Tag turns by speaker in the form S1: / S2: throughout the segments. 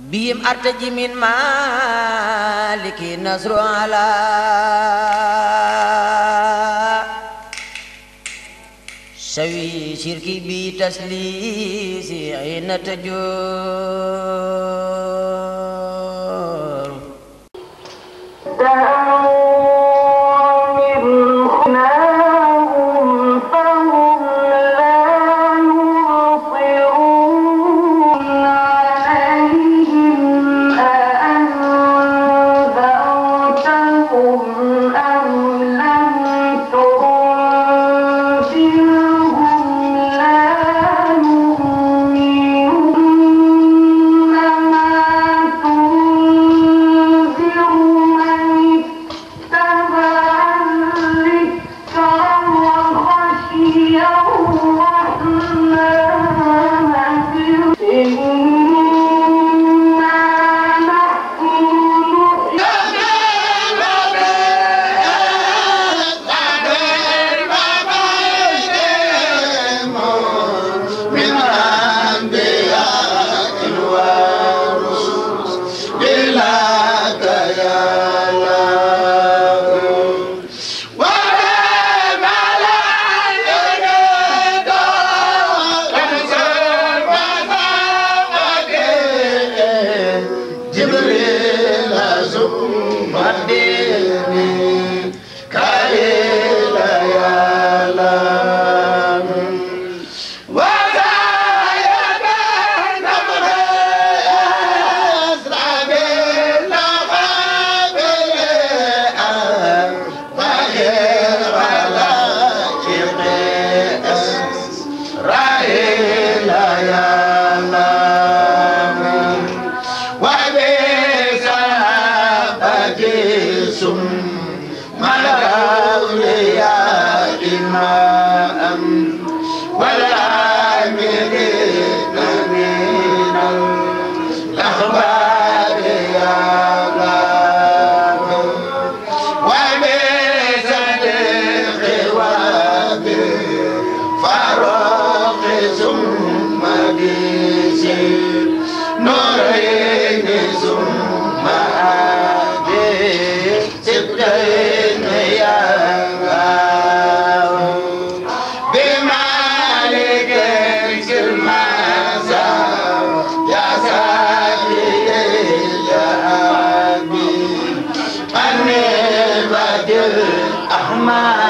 S1: بهم أرتجي من مالك نصر على سوي شركي بتسليس عين تجور wala mi الرحمن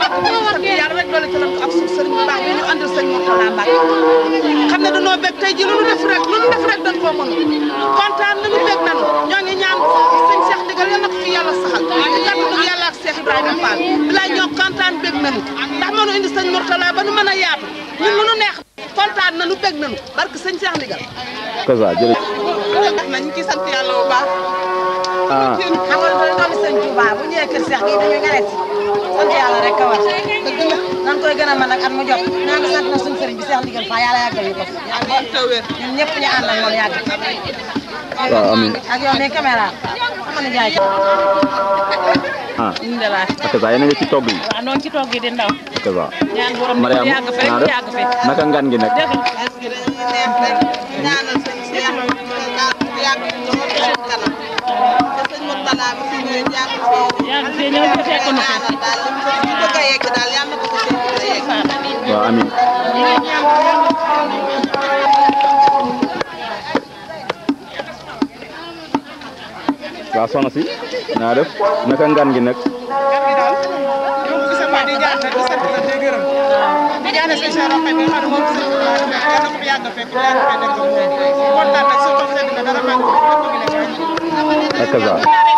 S1: yàlla rek doole ci lan ko ak suuf sëriñ bu baax yi ñu àndal sëriñ Mourtala Mbacke xam ne dañoo bég tey ji lu nu def rek lu nu def rek dañ koo mën kontaan nañu bég nañu ñoo ngi ñaan sëñ Cheikh Ndigal yal na ko fi yàlla saxal ci kàttanu yàlla ak Cheikh Ibrahima Fall bilaay ñoo kontaan bég nañu ndax mënu indi sëñ Mourtala ba nu mën a yaatu ñun lu neex kontaan nañu bég nañu barke sëñ Cheikh Ndigal kaza jërëjëf nañ ci sant yàlla bu baax ah. sëñ bu ñëwee kër Cheikh gii dañuy garet sant yàlla rek ka war nan koy gën a mën at mu jot naa ngi na suñu sëriñ bi Cheikh Ndigal Fall yàlla yàggal ñu ko ñun ñëpp ñu ànd ak moom yàgg waaw amiin ak yow mi caméra sama nijaay ah ak saa yéen a ngi ci togg yi. waaw noonu ci togg yi di ndaw. ak saa Mariam naka ngan gi nag. waaw amiin waaw soxna si naa def naka ngan gi nag ak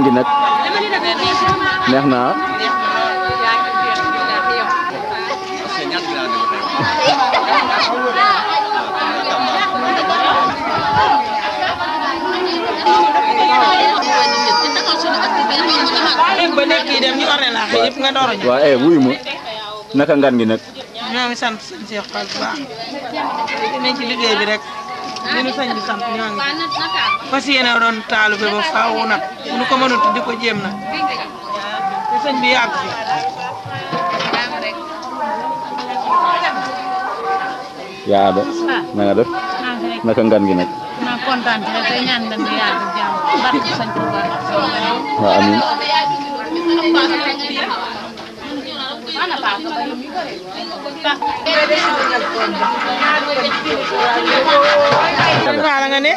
S1: ngi nag neex na waaw eh wuyu ma naka ngan gi nag. ñoo ngi sant suñu Cheikh Fall bu baax. ci liggéey bi rek. li nu sañ bi sant ñoo ngi fas yéene doon taalube ba faaw nag bu ko mënut di ko jéem nag te
S2: ah. def ah, naka ngan gi nag
S1: na kontaan ci rek ñaan ngeen di yàgg jàmm Faara nga ne